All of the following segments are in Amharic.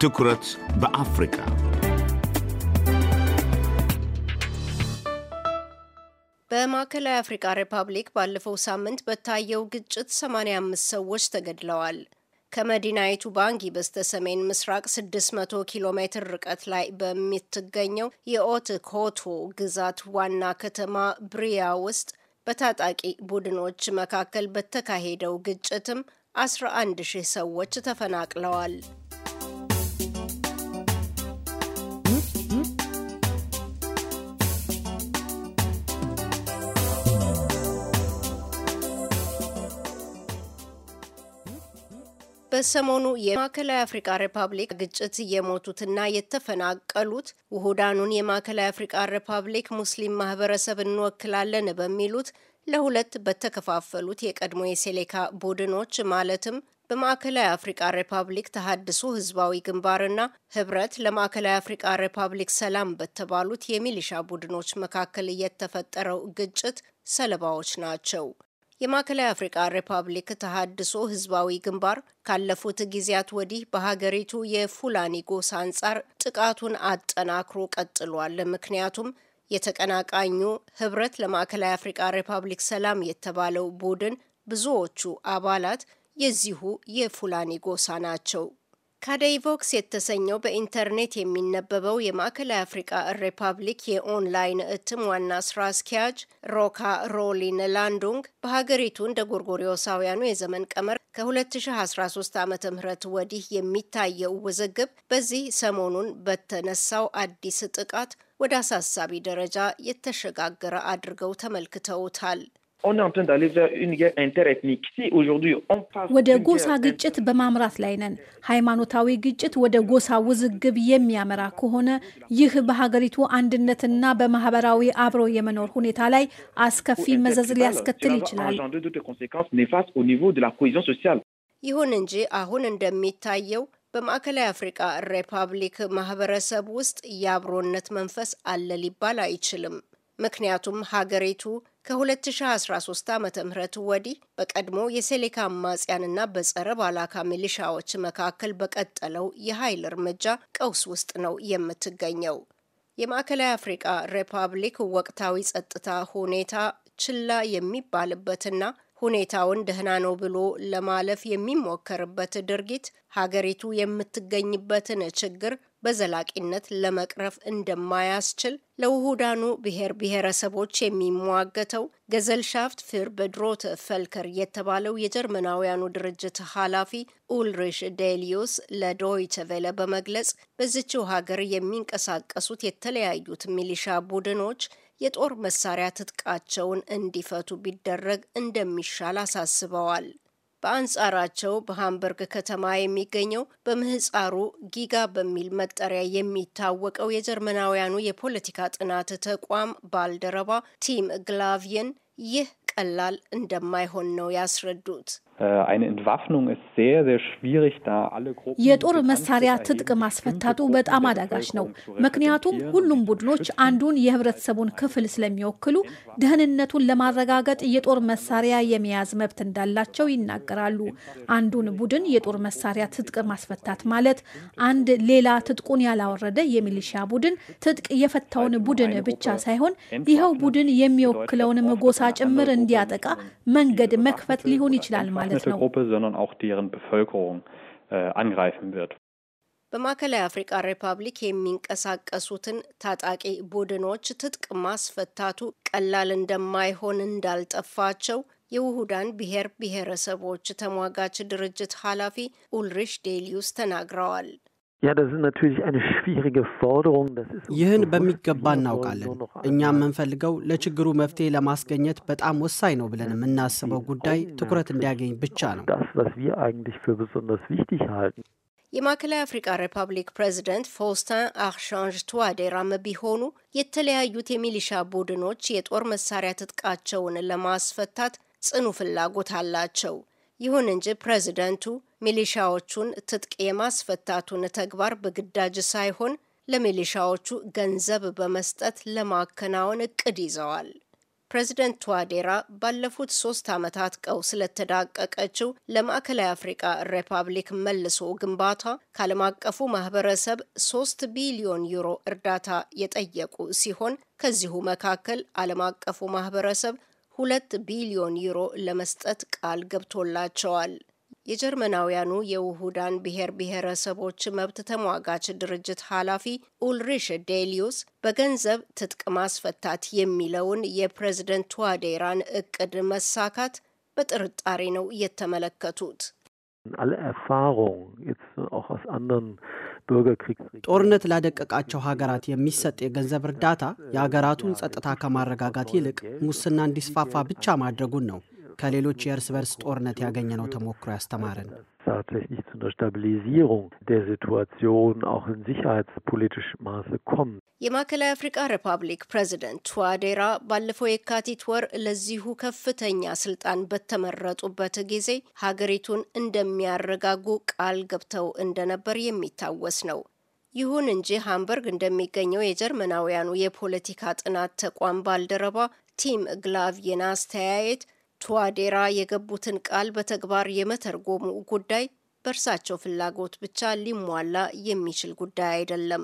ትኩረት በአፍሪካ በማዕከላዊ አፍሪካ ሪፐብሊክ ባለፈው ሳምንት በታየው ግጭት 85 ሰዎች ተገድለዋል። ከመዲናይቱ ባንጊ በስተ ሰሜን ምስራቅ 600 ኪሎ ሜትር ርቀት ላይ በምትገኘው የኦት ኮቶ ግዛት ዋና ከተማ ብሪያ ውስጥ በታጣቂ ቡድኖች መካከል በተካሄደው ግጭትም 11 ሺህ ሰዎች ተፈናቅለዋል። በሰሞኑ የማዕከላዊ አፍሪካ ሪፐብሊክ ግጭት የሞቱትና የተፈናቀሉት ውሁዳኑን የማዕከላዊ አፍሪካ ሪፐብሊክ ሙስሊም ማህበረሰብ እንወክላለን በሚሉት ለሁለት በተከፋፈሉት የቀድሞ የሴሌካ ቡድኖች ማለትም በማዕከላዊ አፍሪቃ ሪፐብሊክ ተሃድሶ ህዝባዊ ግንባርና ህብረት ለማዕከላዊ አፍሪቃ ሪፐብሊክ ሰላም በተባሉት የሚሊሻ ቡድኖች መካከል የተፈጠረው ግጭት ሰለባዎች ናቸው። የማዕከላዊ አፍሪቃ ሪፐብሊክ ተሃድሶ ህዝባዊ ግንባር ካለፉት ጊዜያት ወዲህ በሀገሪቱ የፉላኒ ጎሳ አንጻር ጥቃቱን አጠናክሮ ቀጥሏል። ምክንያቱም የተቀናቃኙ ህብረት ለማዕከላዊ አፍሪቃ ሪፐብሊክ ሰላም የተባለው ቡድን ብዙዎቹ አባላት የዚሁ የፉላኒ ጎሳ ናቸው። ካደይቮክስ የተሰኘው በኢንተርኔት የሚነበበው የማዕከላዊ አፍሪቃ ሪፐብሊክ የኦንላይን እትም ዋና ስራ አስኪያጅ ሮካ ሮሊን ላንዱንግ በሀገሪቱ እንደ ጎርጎሪዮሳውያኑ የዘመን ቀመር ከ2013 ዓ ም ወዲህ የሚታየው ውዝግብ በዚህ ሰሞኑን በተነሳው አዲስ ጥቃት ወደ አሳሳቢ ደረጃ የተሸጋገረ አድርገው ተመልክተውታል። ወደ ጎሳ ግጭት በማምራት ላይ ነን። ሃይማኖታዊ ግጭት ወደ ጎሳ ውዝግብ የሚያመራ ከሆነ ይህ በሀገሪቱ አንድነትና በማህበራዊ አብሮ የመኖር ሁኔታ ላይ አስከፊ መዘዝ ሊያስከትል ይችላል። ይሁን እንጂ አሁን እንደሚታየው በማዕከላዊ አፍሪካ ሪፐብሊክ ማህበረሰብ ውስጥ የአብሮነት መንፈስ አለ ሊባል አይችልም። ምክንያቱም ሀገሪቱ ከ2013 ዓ ም ወዲህ በቀድሞ የሴሌካ አማጽያንና በጸረ ባላካ ሚሊሻዎች መካከል በቀጠለው የኃይል እርምጃ ቀውስ ውስጥ ነው የምትገኘው። የማዕከላዊ አፍሪቃ ሪፐብሊክ ወቅታዊ ጸጥታ ሁኔታ ችላ የሚባልበትና ሁኔታውን ደህና ነው ብሎ ለማለፍ የሚሞከርበት ድርጊት ሀገሪቱ የምትገኝበትን ችግር በዘላቂነት ለመቅረፍ እንደማያስችል ለውሁዳኑ ብሔር ብሔረሰቦች የሚሟገተው ገዘልሻፍት ፍር በድሮት ፈልከር የተባለው የጀርመናውያኑ ድርጅት ኃላፊ ኡልሪሽ ዴሊዮስ ለዶይቸ ቬለ በመግለጽ በዝችው ሀገር የሚንቀሳቀሱት የተለያዩት ሚሊሻ ቡድኖች የጦር መሳሪያ ትጥቃቸውን እንዲፈቱ ቢደረግ እንደሚሻል አሳስበዋል። በአንጻራቸው በሃምበርግ ከተማ የሚገኘው በምህፃሩ ጊጋ በሚል መጠሪያ የሚታወቀው የጀርመናውያኑ የፖለቲካ ጥናት ተቋም ባልደረባ ቲም ግላቪየን ይህ ቀላል እንደማይሆን ነው ያስረዱት። የጦር መሳሪያ ትጥቅ ማስፈታቱ በጣም አዳጋች ነው። ምክንያቱም ሁሉም ቡድኖች አንዱን የህብረተሰቡን ክፍል ስለሚወክሉ ደህንነቱን ለማረጋገጥ የጦር መሳሪያ የመያዝ መብት እንዳላቸው ይናገራሉ። አንዱን ቡድን የጦር መሳሪያ ትጥቅ ማስፈታት ማለት አንድ ሌላ ትጥቁን ያላወረደ የሚሊሻ ቡድን ትጥቅ የፈታውን ቡድን ብቻ ሳይሆን ይኸው ቡድን የሚወክለውን ጎሳ ጭምር እንዲያጠቃ መንገድ መክፈት ሊሆን ይችላል ማለት geeignete Gruppe, sondern auch deren Bevölkerung äh, angreifen wird. በማዕከላዊ አፍሪካ ሪፐብሊክ የሚንቀሳቀሱትን ታጣቂ ቡድኖች ትጥቅ ማስፈታቱ ቀላል እንደማይሆን እንዳልጠፋቸው የውሁዳን ብሔር ብሔረሰቦች ተሟጋች ድርጅት ኃላፊ ኡልሪሽ ዴሊዩስ ተናግረዋል። ይህን በሚገባ እናውቃለን። እኛ የምንፈልገው ለችግሩ መፍትሄ ለማስገኘት በጣም ወሳኝ ነው ብለን የምናስበው ጉዳይ ትኩረት እንዲያገኝ ብቻ ነው። የማዕከላዊ አፍሪካ ሪፐብሊክ ፕሬዚደንት ፎውስታን አርሻንጅ ቱዋዴራም ቢሆኑ የተለያዩት የሚሊሻ ቡድኖች የጦር መሳሪያ ትጥቃቸውን ለማስፈታት ጽኑ ፍላጎት አላቸው። ይሁን እንጂ ፕሬዚደንቱ ሚሊሻዎቹን ትጥቅ የማስፈታቱን ተግባር በግዳጅ ሳይሆን ለሚሊሻዎቹ ገንዘብ በመስጠት ለማከናወን እቅድ ይዘዋል። ፕሬዚደንት ቱዋዴራ ባለፉት ሶስት ዓመታት ቀውስ ለተዳቀቀችው ለማዕከላዊ አፍሪቃ ሪፐብሊክ መልሶ ግንባታ ከዓለም አቀፉ ማህበረሰብ ሶስት ቢሊዮን ዩሮ እርዳታ የጠየቁ ሲሆን ከዚሁ መካከል ዓለም አቀፉ ማህበረሰብ ሁለት ቢሊዮን ዩሮ ለመስጠት ቃል ገብቶላቸዋል። የጀርመናውያኑ የውሁዳን ብሔር ብሔረሰቦች መብት ተሟጋች ድርጅት ኃላፊ ኡልሪሽ ዴሊዩስ በገንዘብ ትጥቅ ማስፈታት የሚለውን የፕሬዝደንት ቱዋዴራን እቅድ መሳካት በጥርጣሬ ነው የተመለከቱት። ጦርነት ላደቀቃቸው ሀገራት የሚሰጥ የገንዘብ እርዳታ የሀገራቱን ጸጥታ ከማረጋጋት ይልቅ ሙስና እንዲስፋፋ ብቻ ማድረጉን ነው ከሌሎች የእርስ በርስ ጦርነት ያገኘነው ተሞክሮ ያስተማረን። tatsächlich zu einer Stabilisierung der Situation auch in sicherheitspolitischem Maße kommen። የማዕከላዊ አፍሪካ ሪፐብሊክ ፕሬዚደንት ቱዋዴራ ባለፈው የካቲት ወር ለዚሁ ከፍተኛ ስልጣን በተመረጡበት ጊዜ ሀገሪቱን እንደሚያረጋጉ ቃል ገብተው እንደነበር የሚታወስ ነው። ይሁን እንጂ ሃምበርግ እንደሚገኘው የጀርመናውያኑ የፖለቲካ ጥናት ተቋም ባልደረባ ቲም ግላቪየን አስተያየት ቹዋዴራ የገቡትን ቃል በተግባር የመተርጎሙ ጉዳይ በእርሳቸው ፍላጎት ብቻ ሊሟላ የሚችል ጉዳይ አይደለም።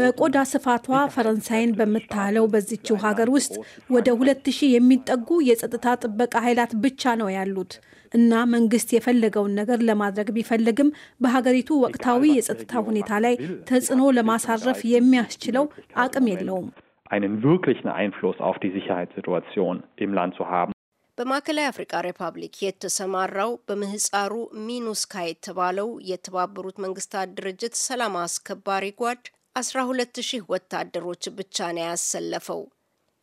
በቆዳ ስፋቷ ፈረንሳይን በምታለው በዚችው ሀገር ውስጥ ወደ ሁለት ሺህ የሚጠጉ የጸጥታ ጥበቃ ኃይላት ብቻ ነው ያሉት እና መንግስት የፈለገውን ነገር ለማድረግ ቢፈልግም በሀገሪቱ ወቅታዊ የጸጥታ ሁኔታ ላይ ተጽዕኖ ለማሳረፍ የሚያስችለው አቅም የለውም። einen wirklichen Einfluss auf die Sicherheitssituation im Land zu haben. በማዕከላዊ አፍሪካ ሪፐብሊክ የተሰማራው በምህፃሩ ሚኑስካ የተባለው የተባበሩት መንግስታት ድርጅት ሰላም አስከባሪ ጓድ 12 ሺህ ወታደሮች ብቻ ነው ያሰለፈው።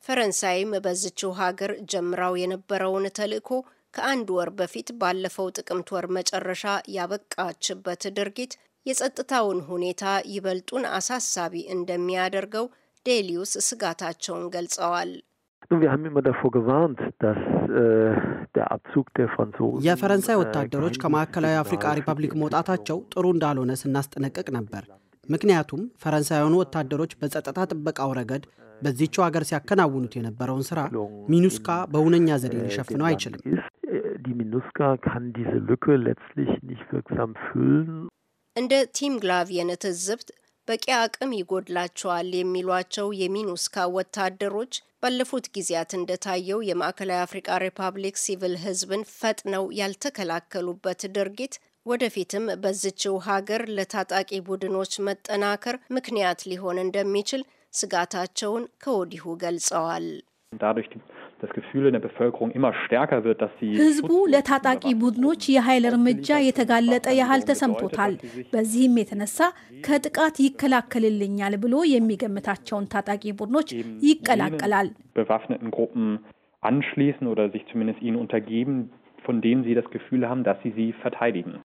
ፈረንሳይም በዝችው ሀገር ጀምራው የነበረውን ተልዕኮ ከአንድ ወር በፊት ባለፈው ጥቅምት ወር መጨረሻ ያበቃችበት ድርጊት የጸጥታውን ሁኔታ ይበልጡን አሳሳቢ እንደሚያደርገው ዴሊዩስ ስጋታቸውን ገልጸዋል። äh, የፈረንሳይ äh, ወታደሮች ከማዕከላዊ አፍሪካ ሪፐብሊክ መውጣታቸው ጥሩ እንዳልሆነ ስናስጠነቅቅ ነበር። ምክንያቱም ፈረንሳያኑ ወታደሮች በጸጥታ ጥበቃው ረገድ በዚችው ሀገር ሲያከናውኑት የነበረውን ስራ ሚኑስካ በእውነኛ ዘዴ äh, ሊሸፍነው አይችልም። እንደ ቲም ግላቪየን ትዝብት በቂ አቅም ይጎድላቸዋል የሚሏቸው የሚኑስካ ወታደሮች ባለፉት ጊዜያት እንደታየው የማዕከላዊ አፍሪቃ ሪፐብሊክ ሲቪል ሕዝብን ፈጥነው ያልተከላከሉበት ድርጊት ወደፊትም በዝችው ሀገር ለታጣቂ ቡድኖች መጠናከር ምክንያት ሊሆን እንደሚችል ስጋታቸውን ከወዲሁ ገልጸዋል። das Gefühl in der Bevölkerung immer stärker wird, dass sie ህዝቡ ለታጣቂ ቡድኖች የኃይል እርምጃ የተጋለጠ ያህል ተሰምቶታል። በዚህም የተነሳ ከጥቃት ይከላከልልኛል ብሎ የሚገምታቸውን ታጣቂ ቡድኖች ይቀላቀላል። bewaffneten Gruppen anschließen oder sich zumindest ihnen untergeben, von denen sie das Gefühl haben, dass sie sie verteidigen.